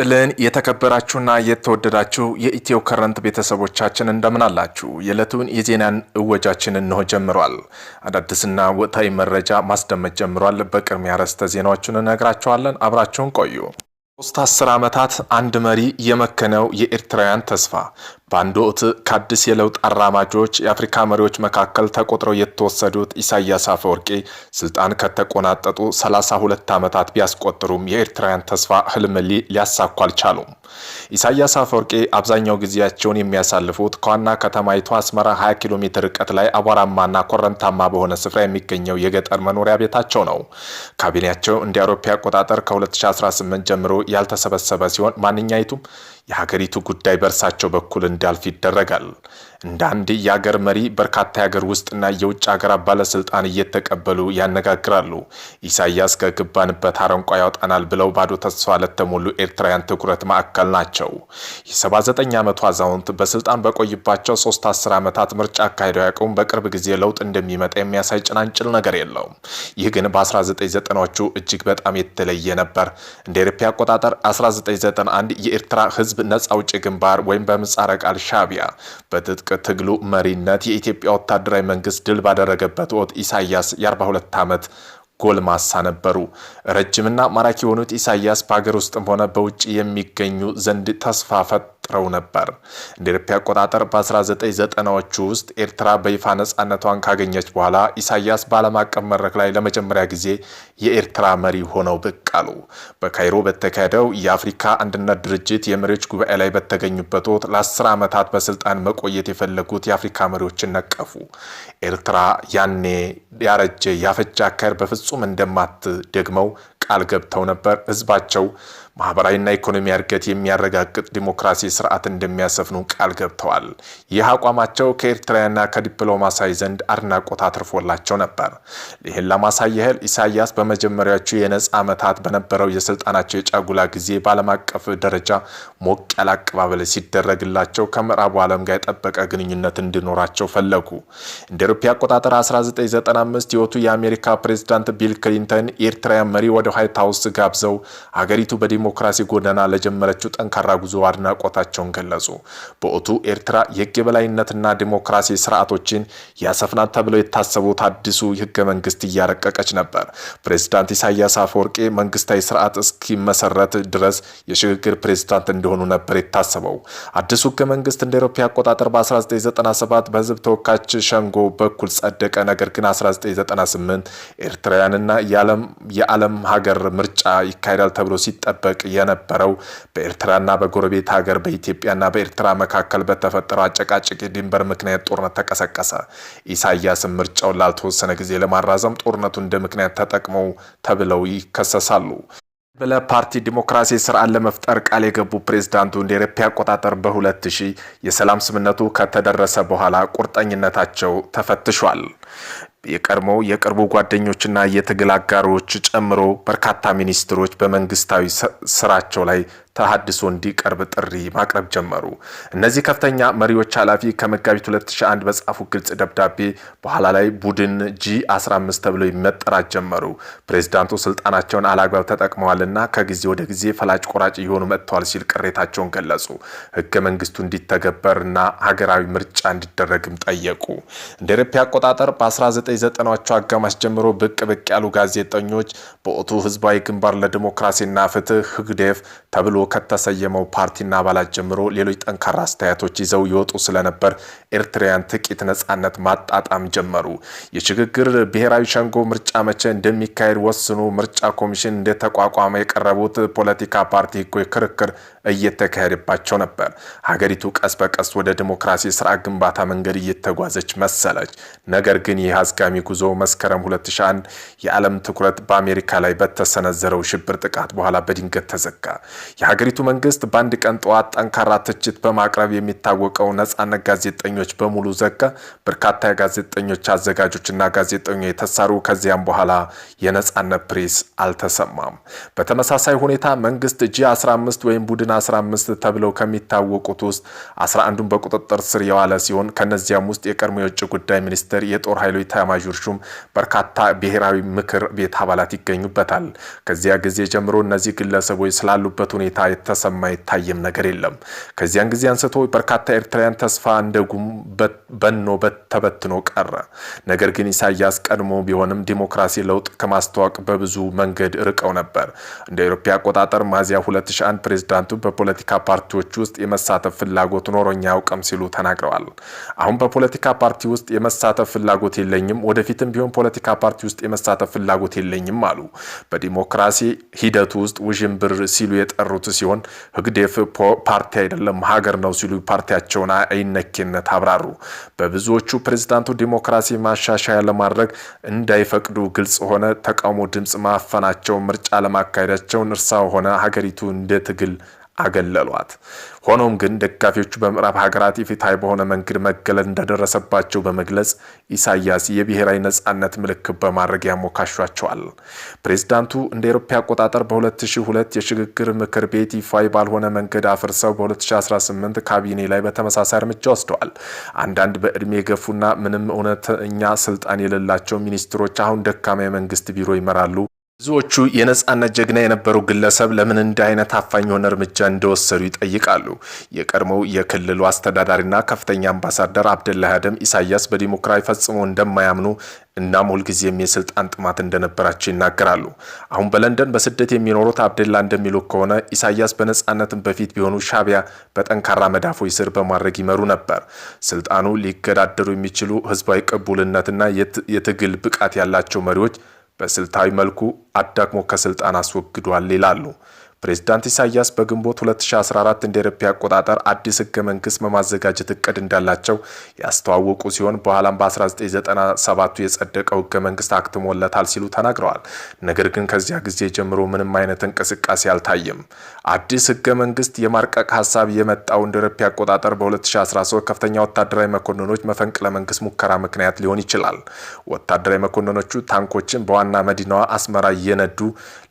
ይስጥልን የተከበራችሁና የተወደዳችሁ የኢትዮ ከረንት ቤተሰቦቻችን እንደምን አላችሁ? የዕለቱን የዜናን እወጃችን እንሆ ጀምሯል። አዳዲስና ወቅታዊ መረጃ ማስደመጥ ጀምሯል። በቅድሚያ ረስተ ዜናዎቹን እነግራችኋለን። አብራችሁን ቆዩ። ሶስት አስር ዓመታት አንድ መሪ የመከነው የኤርትራውያን ተስፋ በአንድ ወቅት ከአዲስ የለውጥ አራማጆች የአፍሪካ መሪዎች መካከል ተቆጥረው የተወሰዱት ኢሳያስ አፈወርቂ ስልጣን ከተቆናጠጡ ሁለት ዓመታት ቢያስቆጥሩም የኤርትራውያን ተስፋ ህልምሊ ሊያሳኩ አልቻሉም። ኢሳያስ አፈወርቂ አብዛኛው ጊዜያቸውን የሚያሳልፉት ከዋና ከተማይቱ አስመራ 20 ኪሎ ሜትር ርቀት ላይ አቧራማና ኮረንታማ በሆነ ስፍራ የሚገኘው የገጠር መኖሪያ ቤታቸው ነው። ካቢኔያቸው እንደ አውሮፓ አቆጣጠር ከ2018 ጀምሮ ያልተሰበሰበ ሲሆን ማንኛይቱም የሀገሪቱ ጉዳይ በእርሳቸው በኩል እንዲያልፍ ይደረጋል። እንደ አንድ የአገር መሪ በርካታ የአገር ውስጥና የውጭ ሀገራት ባለስልጣን እየተቀበሉ ያነጋግራሉ። ኢሳያስ ከገባንበት አረንቋ ያወጣናል ብለው ባዶ ተስፋ ለተሞሉ ኤርትራውያን ትኩረት ማዕከል ናቸው። የ79 ዓመቱ አዛውንት በስልጣን በቆይባቸው ሶስት አስር ዓመታት ምርጫ አካሂደው ያውቁም። በቅርብ ጊዜ ለውጥ እንደሚመጣ የሚያሳይ ጭላንጭል ነገር የለውም። ይህ ግን በ1990ዎቹ እጅግ በጣም የተለየ ነበር። እንደ ኤሮፓ አቆጣጠር 1991 የኤርትራ ህዝብ ነጻ አውጪ ግንባር ወይም በምህጻረ ቃል ሻቢያ በትጥቅ ትግሉ መሪነት የኢትዮጵያ ወታደራዊ መንግስት ድል ባደረገበት ወቅት ኢሳያስ የ42 ዓመት ጎልማሳ ነበሩ። ረጅምና ማራኪ የሆኑት ኢሳያስ በሀገር ውስጥም ሆነ በውጭ የሚገኙ ዘንድ ተስፋ ፈጥ ፈጥረው ነበር። እንደ አውሮፓውያን አቆጣጠር በ1990ዎቹ ውስጥ ኤርትራ በይፋ ነጻነቷን ካገኘች በኋላ ኢሳያስ በዓለም አቀፍ መድረክ ላይ ለመጀመሪያ ጊዜ የኤርትራ መሪ ሆነው ብቅ አሉ። በካይሮ በተካሄደው የአፍሪካ አንድነት ድርጅት የመሪዎች ጉባኤ ላይ በተገኙበት ወቅት ለአስር ዓመታት በስልጣን መቆየት የፈለጉት የአፍሪካ መሪዎችን ነቀፉ። ኤርትራ ያኔ ያረጀ ያፈጀ አካሄድ በፍጹም እንደማትደግመው ቃል ገብተው ነበር። ህዝባቸው ማህበራዊና ኢኮኖሚ እድገት የሚያረጋግጥ ዲሞክራሲ ስርዓት እንደሚያሰፍኑ ቃል ገብተዋል። ይህ አቋማቸው ከኤርትራውያንና ከዲፕሎማሳዊ ዘንድ አድናቆት አትርፎላቸው ነበር። ይህን ለማሳይ ኢሳያስ በመጀመሪያዎቹ የነጻ ዓመታት በነበረው የስልጣናቸው የጫጉላ ጊዜ በዓለም አቀፍ ደረጃ ሞቅ ያለ አቀባበል ሲደረግላቸው ከምዕራቡ ዓለም ጋር የጠበቀ ግንኙነት እንዲኖራቸው ፈለጉ። እንደ አውሮፓ አቆጣጠር 1995 ህይወቱ የአሜሪካ ፕሬዚዳንት ቢል ክሊንተን የኤርትራውያን መሪ ወደ ዋይት ሀውስ ጋብዘው አገሪቱ በዲሞክራሲ ጎዳና ለጀመረችው ጠንካራ ጉዞ አድናቆታቸውን ገለጹ። በወቅቱ ኤርትራ የህግ የበላይነትና ዲሞክራሲ ስርዓቶችን ያሰፍናት ተብለው የታሰቡት አዲሱ ህገ መንግስት እያረቀቀች ነበር። ፕሬዚዳንት ኢሳያስ አፈወርቄ መንግስታዊ ስርዓት እስኪመሰረት ድረስ የሽግግር ፕሬዚዳንት እንደሆኑ ነበር የታሰበው። አዲሱ ህገ መንግስት እንደ አውሮፓ አቆጣጠር በ1997 በህዝብ ተወካዮች ሸንጎ በኩል ጸደቀ። ነገር ግን 1998 ኤርትራውያንና የዓለም ሀገር ሀገር ምርጫ ይካሄዳል ተብሎ ሲጠበቅ የነበረው በኤርትራና በጎረቤት ሀገር በኢትዮጵያና በኤርትራ መካከል በተፈጠረው አጨቃጭቅ ድንበር ምክንያት ጦርነት ተቀሰቀሰ። ኢሳያስም ምርጫውን ላልተወሰነ ጊዜ ለማራዘም ጦርነቱ እንደ ምክንያት ተጠቅመው ተብለው ይከሰሳሉ። ፓርቲ ዲሞክራሲ ስርዓት ለመፍጠር ቃል የገቡ ፕሬዝዳንቱ እንደ ኤሮፓ አቆጣጠር በ ሺህ የሰላም ስምነቱ ከተደረሰ በኋላ ቁርጠኝነታቸው ተፈትሿል። የቀድሞው የቅርቡ ጓደኞችና የትግል አጋሮች ጨምሮ በርካታ ሚኒስትሮች በመንግስታዊ ስራቸው ላይ ተሃድሶ እንዲቀርብ ጥሪ ማቅረብ ጀመሩ። እነዚህ ከፍተኛ መሪዎች ኃላፊ ከመጋቢት 2001 በጻፉ ግልጽ ደብዳቤ በኋላ ላይ ቡድን ጂ 15 ተብለው መጠራት ጀመሩ። ፕሬዚዳንቱ ስልጣናቸውን አላግባብ ተጠቅመዋልና ከጊዜ ወደ ጊዜ ፈላጭ ቆራጭ እየሆኑ መጥተዋል ሲል ቅሬታቸውን ገለጹ። ህገ መንግስቱ እንዲተገበርና ሀገራዊ ምርጫ እንዲደረግም ጠየቁ። እንደ አውሮፓ አቆጣጠር በ19 ከ1990ዎቹ አጋማሽ ጀምሮ ብቅ ብቅ ያሉ ጋዜጠኞች በወቅቱ ህዝባዊ ግንባር ለዲሞክራሲና ፍትህ ህግዴፍ ተብሎ ከተሰየመው ፓርቲና አባላት ጀምሮ ሌሎች ጠንካራ አስተያየቶች ይዘው ይወጡ ስለነበር ኤርትራውያን ጥቂት ነጻነት ማጣጣም ጀመሩ። የሽግግር ብሔራዊ ሸንጎ ምርጫ መቼ እንደሚካሄድ ወስኑ ምርጫ ኮሚሽን እንደተቋቋመ የቀረቡት ፖለቲካ ፓርቲ ህጎች ክርክር እየተካሄደባቸው ነበር። ሀገሪቱ ቀስ በቀስ ወደ ዲሞክራሲ ስርዓት ግንባታ መንገድ እየተጓዘች መሰለች። ነገር ግን ይህ አስቃሚ ጉዞ መስከረም 2001 የዓለም ትኩረት በአሜሪካ ላይ በተሰነዘረው ሽብር ጥቃት በኋላ በድንገት ተዘጋ። የሀገሪቱ መንግስት በአንድ ቀን ጠዋት ጠንካራ ትችት በማቅረብ የሚታወቀው ነጻነት ጋዜጠኞች በሙሉ ዘጋ። በርካታ የጋዜጠኞች አዘጋጆችና ጋዜጠኞች የተሳሩ። ከዚያም በኋላ የነጻነት ፕሬስ አልተሰማም። በተመሳሳይ ሁኔታ መንግስት ጂ 15 ወይም ቡድን 15 ተብለው ከሚታወቁት ውስጥ 11 በቁጥጥር ስር የዋለ ሲሆን ከነዚያም ውስጥ የቀድሞ የውጭ ጉዳይ ሚኒስትር የጦር ኃይሎች ኤታማዦር ሹም በርካታ ብሔራዊ ምክር ቤት አባላት ይገኙበታል። ከዚያ ጊዜ ጀምሮ እነዚህ ግለሰቦች ስላሉበት ሁኔታ የተሰማ የታየም ነገር የለም። ከዚያን ጊዜ አንስቶ በርካታ ኤርትራውያን ተስፋ እንደጉም በኖ በተበትኖ ቀረ። ነገር ግን ኢሳያስ ቀድሞ ቢሆንም ዲሞክራሲ ለውጥ ከማስተዋወቅ በብዙ መንገድ ርቀው ነበር። እንደ አውሮፓ አቆጣጠር ሚያዝያ 2001 ፕሬዚዳንቱ በፖለቲካ ፓርቲዎች ውስጥ የመሳተፍ ፍላጎት ኖሮኛ አያውቅም ሲሉ ተናግረዋል። አሁን በፖለቲካ ፓርቲ ውስጥ የመሳተፍ ፍላጎት የለኝም ወደፊትም ቢሆን ፖለቲካ ፓርቲ ውስጥ የመሳተፍ ፍላጎት የለኝም አሉ። በዲሞክራሲ ሂደቱ ውስጥ ውዥንብር ሲሉ የጠሩት ሲሆን ህግዴፍ ፓርቲ አይደለም ሀገር ነው ሲሉ ፓርቲያቸውን አይነኬነት አብራሩ። በብዙዎቹ ፕሬዚዳንቱ ዲሞክራሲ ማሻሻያ ለማድረግ እንዳይፈቅዱ ግልጽ ሆነ። ተቃውሞ ድምፅ ማፈናቸው፣ ምርጫ ለማካሄዳቸውን እርሳ ሆነ ሀገሪቱ እንደ ትግል አገለሏት። ሆኖም ግን ደጋፊዎቹ በምዕራብ ሀገራት ኢፍትሐዊ በሆነ መንገድ መገለል እንደደረሰባቸው በመግለጽ ኢሳያስ የብሔራዊ ነጻነት ምልክት በማድረግ ያሞካሿቸዋል። ፕሬዝዳንቱ እንደ ኤሮፓ አቆጣጠር በ2002 የሽግግር ምክር ቤት ይፋዊ ባልሆነ መንገድ አፍርሰው በ2018 ካቢኔ ላይ በተመሳሳይ እርምጃ ወስደዋል። አንዳንድ በዕድሜ የገፉና ምንም እውነተኛ ስልጣን የሌላቸው ሚኒስትሮች አሁን ደካማ የመንግስት ቢሮ ይመራሉ ብዙዎቹ የነጻነት ጀግና የነበሩ ግለሰብ ለምን እንዲህ አይነት አፋኝ የሆነ እርምጃ እንደወሰዱ ይጠይቃሉ። የቀድሞው የክልሉ አስተዳዳሪና ከፍተኛ አምባሳደር አብደላ ሀደም ኢሳያስ በዲሞክራሲ ፈጽሞ እንደማያምኑ እናም ሁልጊዜም የስልጣን ጥማት እንደነበራቸው ይናገራሉ። አሁን በለንደን በስደት የሚኖሩት አብደላ እንደሚሉ ከሆነ ኢሳያስ በነጻነትም በፊት ቢሆኑ ሻቢያ በጠንካራ መዳፎች ስር በማድረግ ይመሩ ነበር። ስልጣኑ ሊገዳደሩ የሚችሉ ህዝባዊ ቅቡልነትና የትግል ብቃት ያላቸው መሪዎች በስልታዊ መልኩ አዳግሞ ከስልጣን አስወግዷል ይላሉ። ፕሬዚዳንት ኢሳያስ በግንቦት 2014 እንደ ኤሮፓ አቆጣጠር አዲስ ህገ መንግስት በማዘጋጀት እቅድ እንዳላቸው ያስተዋወቁ ሲሆን በኋላም በ1997ቱ የጸደቀው ህገ መንግስት አክትሞለታል ሲሉ ተናግረዋል። ነገር ግን ከዚያ ጊዜ ጀምሮ ምንም አይነት እንቅስቃሴ አልታየም። አዲስ ህገ መንግስት የማርቀቅ ሀሳብ የመጣው እንደ ኤሮፓ አቆጣጠር በ2013 ከፍተኛ ወታደራዊ መኮንኖች መፈንቅለ መንግስት ሙከራ ምክንያት ሊሆን ይችላል። ወታደራዊ መኮንኖቹ ታንኮችን በዋና መዲናዋ አስመራ እየነዱ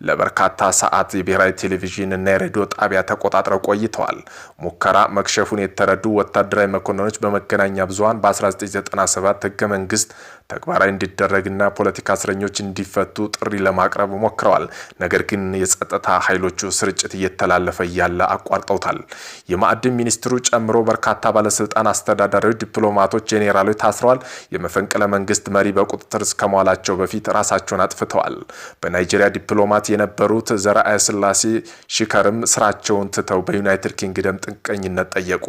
ለበርካታ ሰዓት የብሔራዊ ቴሌቪዥን ቴሌቪዥን እና የሬዲዮ ጣቢያ ተቆጣጥረው ቆይተዋል። ሙከራ መክሸፉን የተረዱ ወታደራዊ መኮንኖች በመገናኛ ብዙሀን በ1997 ህገ መንግስት ተግባራዊ እንዲደረግና ፖለቲካ እስረኞች እንዲፈቱ ጥሪ ለማቅረብ ሞክረዋል። ነገር ግን የጸጥታ ኃይሎቹ ስርጭት እየተላለፈ እያለ አቋርጠውታል። የማዕድን ሚኒስትሩ ጨምሮ በርካታ ባለስልጣን፣ አስተዳዳሪዎች፣ ዲፕሎማቶች፣ ጄኔራሎች ታስረዋል። የመፈንቅለ መንግስት መሪ በቁጥጥር እስከመዋላቸው በፊት ራሳቸውን አጥፍተዋል። በናይጄሪያ ዲፕሎማት የነበሩት ዘርአያ ስላሴ ሽከርም ስራቸውን ትተው በዩናይትድ ኪንግደም ጥገኝነት ጠየቁ።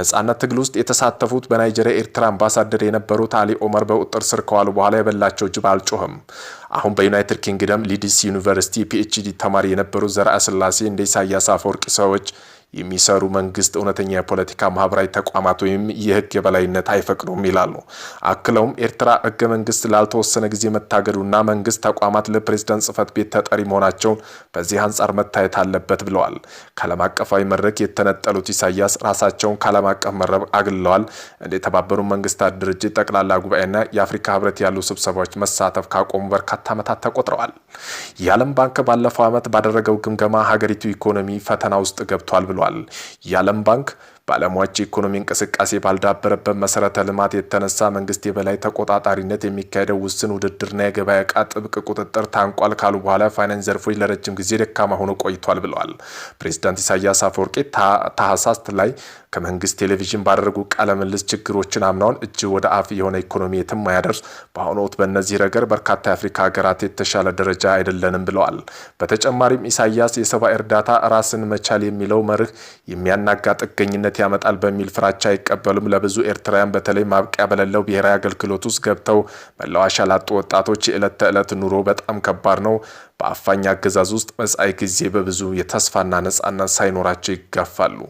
ነጻነት ትግል ውስጥ የተሳተፉት በናይጄሪያ ኤርትራ አምባሳደር የነበሩት አሊ ኦመር በቁጥጥር ስር ከዋሉ በኋላ የበላቸው ጅብ አልጮህም። አሁን በዩናይትድ ኪንግደም ሊድስ ዩኒቨርሲቲ ፒኤችዲ ተማሪ የነበሩት ዘርአ ስላሴ እንደ ኢሳያስ አፈወርቂ ሰዎች የሚሰሩ መንግስት እውነተኛ የፖለቲካ ማህበራዊ ተቋማት ወይም የህግ የበላይነት አይፈቅዱም ይላሉ። አክለውም ኤርትራ ህገ መንግስት ላልተወሰነ ጊዜ መታገዱና መንግስት ተቋማት ለፕሬዝዳንት ጽህፈት ቤት ተጠሪ መሆናቸውን በዚህ አንጻር መታየት አለበት ብለዋል። ከዓለም አቀፋዊ መድረክ የተነጠሉት ኢሳያስ ራሳቸውን ከዓለም አቀፍ መረብ አግልለዋል። እንደ የተባበሩ መንግስታት ድርጅት ጠቅላላ ጉባኤና የአፍሪካ ህብረት ያሉ ስብሰባዎች መሳተፍ ካቆሙ በርካታ ዓመታት ተቆጥረዋል። የዓለም ባንክ ባለፈው ዓመት ባደረገው ግምገማ ሀገሪቱ ኢኮኖሚ ፈተና ውስጥ ገብቷል ብሏል። ብሏል። የዓለም ባንክ በዓለሟች የኢኮኖሚ እንቅስቃሴ ባልዳበረበት መሰረተ ልማት የተነሳ መንግስት የበላይ ተቆጣጣሪነት የሚካሄደው ውስን ውድድርና የገበያ ዕቃ ጥብቅ ቁጥጥር ታንቋል ካሉ በኋላ ፋይናንስ ዘርፎች ለረጅም ጊዜ ደካማ ሆኖ ቆይቷል ብለዋል። ፕሬዚዳንት ኢሳያስ አፈወርቄ ታህሳስ ላይ ከመንግስት ቴሌቪዥን ባደረጉ ቃለ ምልልስ ችግሮችን አምናውን እጅ ወደ አፍ የሆነ ኢኮኖሚ የትም አያደርስ፣ በአሁኑ ወቅት በእነዚህ ረገድ በርካታ የአፍሪካ ሀገራት የተሻለ ደረጃ አይደለንም ብለዋል። በተጨማሪም ኢሳያስ የሰብአዊ እርዳታ ራስን መቻል የሚለው መርህ የሚያናጋ ጥገኝነት ያመጣል በሚል ፍራቻ አይቀበሉም። ለብዙ ኤርትራውያን በተለይ ማብቂያ በሌለው ብሔራዊ አገልግሎት ውስጥ ገብተው መላወሻ ላጡ ወጣቶች የዕለት ተዕለት ኑሮ በጣም ከባድ ነው። በአፋኝ አገዛዝ ውስጥ መጻኢ ጊዜ በብዙ የተስፋና ነጻነት ሳይኖራቸው ይጋፋሉ።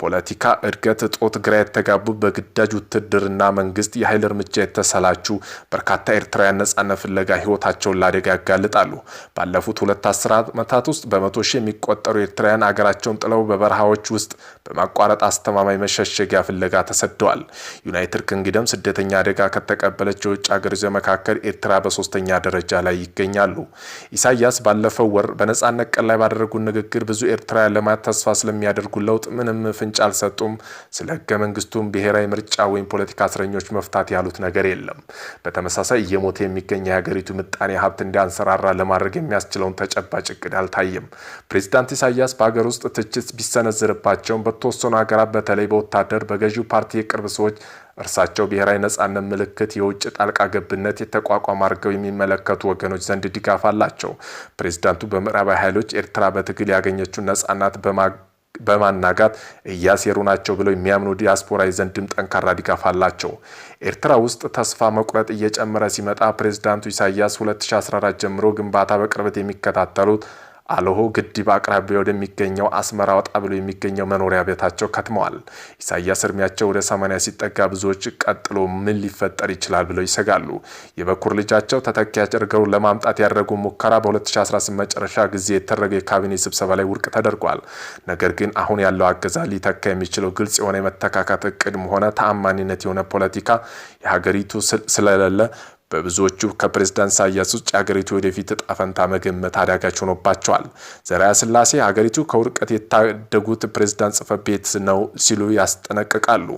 ፖለቲካ እድገት እጦት ግራ የተጋቡ በግዳጅ ውትድርና መንግስት የኃይል እርምጃ የተሰላቹ በርካታ ኤርትራውያን ነጻነት ፍለጋ ህይወታቸውን ለአደጋ ያጋልጣሉ። ባለፉት ሁለት አስር ዓመታት ውስጥ በመቶ ሺህ የሚቆጠሩ ኤርትራውያን አገራቸውን ጥለው በበረሃዎች ውስጥ በማቋረጥ አስተማማኝ መሸሸጊያ ፍለጋ ተሰደዋል። ዩናይትድ ክንግደም ስደተኛ አደጋ ከተቀበለች የውጭ ዘ መካከል ኤርትራ በሶስተኛ ደረጃ ላይ ይገኛሉ። ኢሳያስ ኢሳያስ ባለፈው ወር በነጻነት ቀን ላይ ባደረጉት ንግግር ብዙ ኤርትራውያን ለማየት ተስፋ ስለሚያደርጉ ለውጥ ምንም ፍንጭ አልሰጡም። ስለ ህገ መንግስቱም ብሔራዊ ምርጫ ወይም ፖለቲካ እስረኞች መፍታት ያሉት ነገር የለም። በተመሳሳይ እየሞተ የሚገኝ የሀገሪቱ ምጣኔ ሀብት እንዲያንሰራራ ለማድረግ የሚያስችለውን ተጨባጭ እቅድ አልታየም። ፕሬዚዳንት ኢሳያስ በሀገር ውስጥ ትችት ቢሰነዝርባቸውም በተወሰኑ ሀገራት በተለይ በወታደር በገዢው ፓርቲ የቅርብ ሰዎች እርሳቸው ብሔራዊ ነጻነት ምልክት የውጭ ጣልቃ ገብነት የተቋቋመ አድርገው የሚመለከቱ ወገኖች ዘንድ ድጋፍ አላቸው። ፕሬዚዳንቱ በምዕራባዊ ኃይሎች ኤርትራ በትግል ያገኘችውን ነጻናት በማናጋት እያሴሩ ናቸው ብለው የሚያምኑ ዲያስፖራ ዘንድም ጠንካራ ድጋፍ አላቸው። ኤርትራ ውስጥ ተስፋ መቁረጥ እየጨመረ ሲመጣ ፕሬዚዳንቱ ኢሳያስ 2014 ጀምሮ ግንባታ በቅርበት የሚከታተሉት አልሆ ግድብ አቅራቢያ ወደሚገኘው አስመራ ወጣ ብሎ የሚገኘው መኖሪያ ቤታቸው ከትመዋል። ኢሳያስ እድሜያቸው ወደ ሰማንያ ሲጠጋ ብዙዎች ቀጥሎ ምን ሊፈጠር ይችላል ብለው ይሰጋሉ። የበኩር ልጃቸው ተተኪ አድርገው ለማምጣት ያደረጉ ሙከራ በ2018 መጨረሻ ጊዜ የተደረገ የካቢኔ ስብሰባ ላይ ውድቅ ተደርጓል። ነገር ግን አሁን ያለው አገዛዝ ሊተካ የሚችለው ግልጽ የሆነ የመተካካት እቅድም ሆነ ተአማኒነት የሆነ ፖለቲካ የሀገሪቱ ስለሌለ በብዙዎቹ ከፕሬዝዳንት ኢሳያስ ውጭ የአገሪቱ ወደፊት እጣ ፈንታ መገመት አዳጋች ሆኖባቸዋል። ዘርዓ ስላሴ አገሪቱ ከውድቀት የታደጉት ፕሬዝዳንት ጽህፈት ቤት ነው ሲሉ ያስጠነቅቃሉ።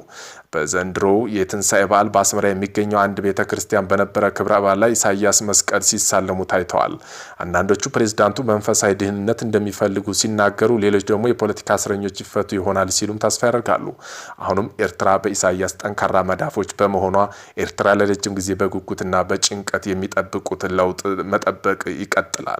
በዘንድሮ የትንሣኤ በዓል በአስመራ የሚገኘው አንድ ቤተ ክርስቲያን በነበረ ክብረ በዓል ላይ ኢሳያስ መስቀል ሲሳለሙ ታይተዋል። አንዳንዶቹ ፕሬዝዳንቱ መንፈሳዊ ድህንነት እንደሚፈልጉ ሲናገሩ፣ ሌሎች ደግሞ የፖለቲካ እስረኞች ይፈቱ ይሆናል ሲሉም ተስፋ ያደርጋሉ። አሁንም ኤርትራ በኢሳያስ ጠንካራ መዳፎች በመሆኗ ኤርትራ ለረጅም ጊዜ በጉጉትና በጭንቀት የሚጠብቁትን ለውጥ መጠበቅ ይቀጥላል።